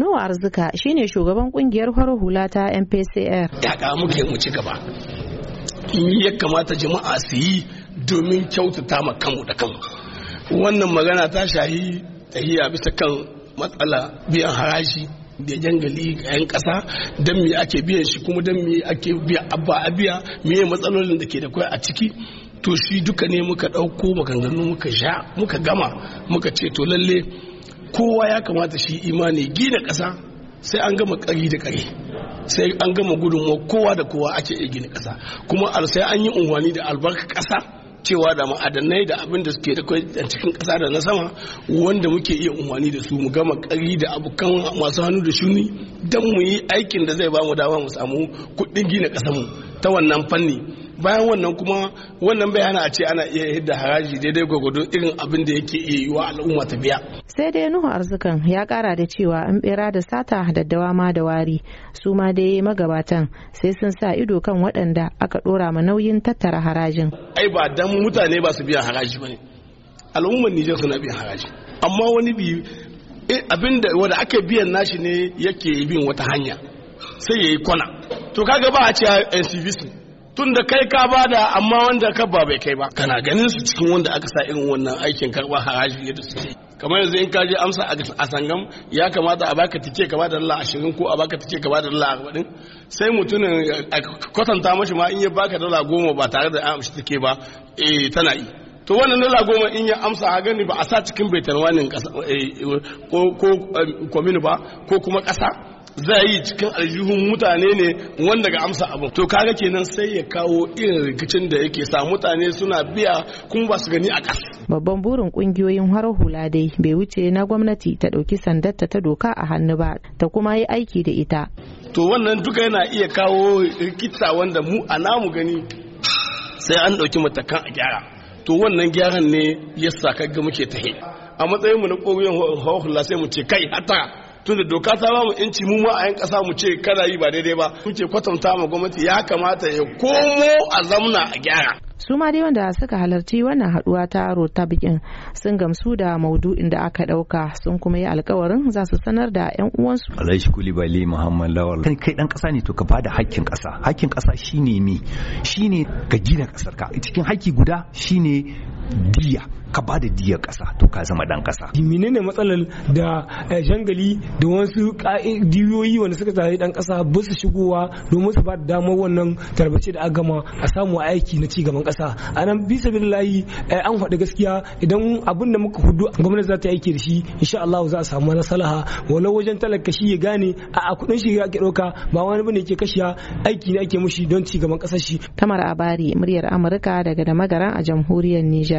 Nuwa Arzika shine shugaban kungiyar farar hula ta MPCR. Yaƙa muke mu ci gaba. In ya kamata jama'a su yi domin kyautata ma kanmu da kanmu. Wannan magana ta shahi tahiya bisa kan matsala biyan haraji da jangali ga 'yan ƙasa don me ake biyan shi kuma don me ake biya abba a biya me matsalolin da ke da kwai a ciki to shi duka ne muka ɗauko maganganu muka sha muka gama muka ce to lalle kowa ya kamata shi imani gina kasa sai an gama ƙari da ƙari sai an gama gudunmuwa kowa da kowa ake iya gina ƙasa kuma sai an yi unwani da albarka kasa. cewa da ma'adanai da abin da suke da kai a cikin kasa da na sama wanda muke iya unwani da su mu gama ƙari da abokan masu hannu da shuni don mu yi aikin da zai ba mu dama mu samu kuɗin gina ƙasar mu ta wannan fanni bayan wannan kuma wannan bayanin a ce ana iya yadda haraji daidai gwagwado irin abin da yake iya yiwa al'umma ta biya sai dai nuhu arzikan ya kara da cewa an bera da sata daddawa ma da wari su ma dai magabatan sai sun sa ido kan waɗanda aka ɗora ma nauyin tattara harajin ai ba dan mutane ba su biyan haraji ba ne, al'ummar Nijar suna biyan haraji amma wani bi eh, abin da wanda ake biyan nashi ne yake bin wata hanya sai yayi kwana to kaga ba a ce NCVC tun da kai ka bada amma wanda ka ba bai kai ba kana ganin su cikin wanda aka sa irin wannan aikin karba haraji yadda suke kamar yanzu in ka je amsa a sangam ya kamata a baka tike ka bada dala ashirin ko a baka tike ka bada dala arba'in sai mutumin a kwatanta mashi ma in ya baka dala goma ba tare da an amshi tike ba eh tana yi to wannan dala goma in ya amsa a gani ba a sa cikin baitarwanin eh, ko eh, ba ko kuma kasa za yi cikin aljihun mutane ne wanda ga amsa abu to kaga kenan sai ya kawo irin rikicin da yake sa mutane suna biya kuma ba su gani a ƙasa. babban burin kungiyoyin harar hula dai bai wuce na gwamnati ta ɗauki sandarta ta doka a hannu ba ta kuma yi aiki da ita to wannan duka yana iya kawo rikita wanda mu a namu gani sai an ɗauki matakan a gyara to wannan gyaran ne ya sa kaga muke ta a matsayinmu na kogiyar harar hula sai mu ce kai hata tunda doka ta ba mu inci mu ma a yan kasa mu ce kada yi ba daidai ba ce kwatanta ma gwamnati ya kamata ya komo a zamna a gyara su ma dai wanda suka halarci wannan haduwa ta rota bikin sun gamsu da maudu'in da aka dauka sun kuma yi alkawarin za su sanar da yan uwansu alaishi kulibali muhammad lawal kan kai dan kasa ne to ka bada hakkin kasa hakkin kasa shine ne shine ka gina kasar ka cikin hakki guda shine diya ka ba da diyar ƙasa to ka zama dan ƙasa. menene matsalar da eh, jangali da wasu diyoyi wanda suka tare dan kasa ba su shigowa domin su ba da damar wannan tarbace da agama a samu aiki na ci gaban ƙasa a bisa billahi eh, an faɗi gaskiya idan abin da muka hudu gwamnati za ta yi aiki da shi insha Allah za a samu nasalaha walau wajen talaka shi ya gane a kuɗin shi ya ɗauka ba wani bane ke kashiya aiki ne ake mushi don ci gaban ƙasar shi. Tamar Abari muryar Amurka daga da magaran a jamhuriyar Nijar.